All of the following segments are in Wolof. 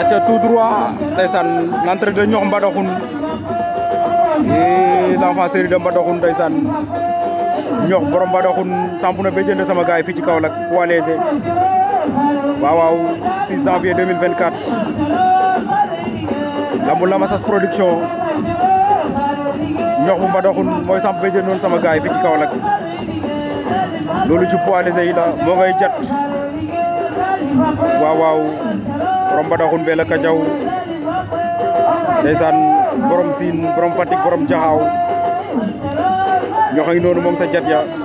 aca tout droit ndeysaan l'entrée de Niokh Mbadakhoune et l'enfant série de Mbadakhoune ndeysaan Niokh borom Mbadakhoune sampu na ba jënd sama gaay fii ci Kaolack poids léger waaw waaw 6 janvier 2024 lambu Lamasas production Niokh bu Mbadakhoune mooy samp ba jëndoon sama gaay fii ci Kaolack loolu ci poids léger yi la moo ngay jat waaw waaw borom Badakhun Bella Kajaw desan borom sin borom fatik borom jaxaaw ñoo xam ne noonu sa jat ya waaw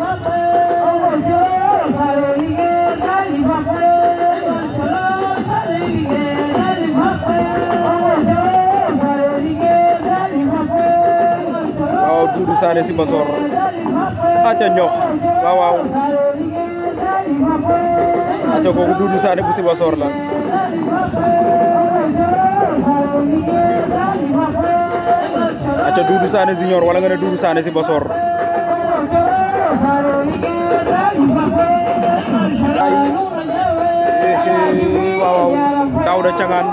Doudou Sané si Mbasor aca ñox waaw aca kooku Doudou Sané bu Sibassor la aca Doudou Sané junior wala nga ne Doudou Sané Sibassor ay waaw Daouda Thiangane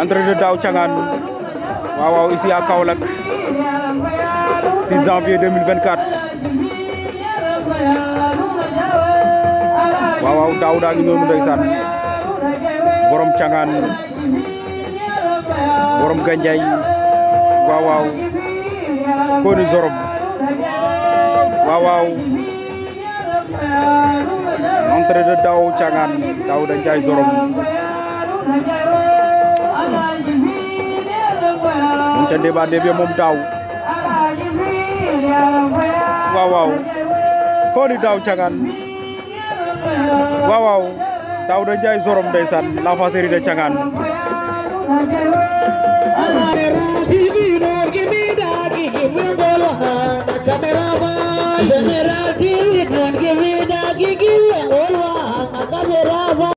entre de Daou Thiangane waaw waaw ici à Kaolack 6 janvier 2024 waaw waaw daawudaa ngi noonu ndeysaan borom cangan, borom ganjai, waaw waaw kooni zorom waaw waaw entrée de cangan cangaan daawuda njaay zorom moom ca débat débe mom daaw waaw waaw kooni daaw waaw waaw Daouda Ndiaye Zorom ndeysaan la faséri de Thiangane Give me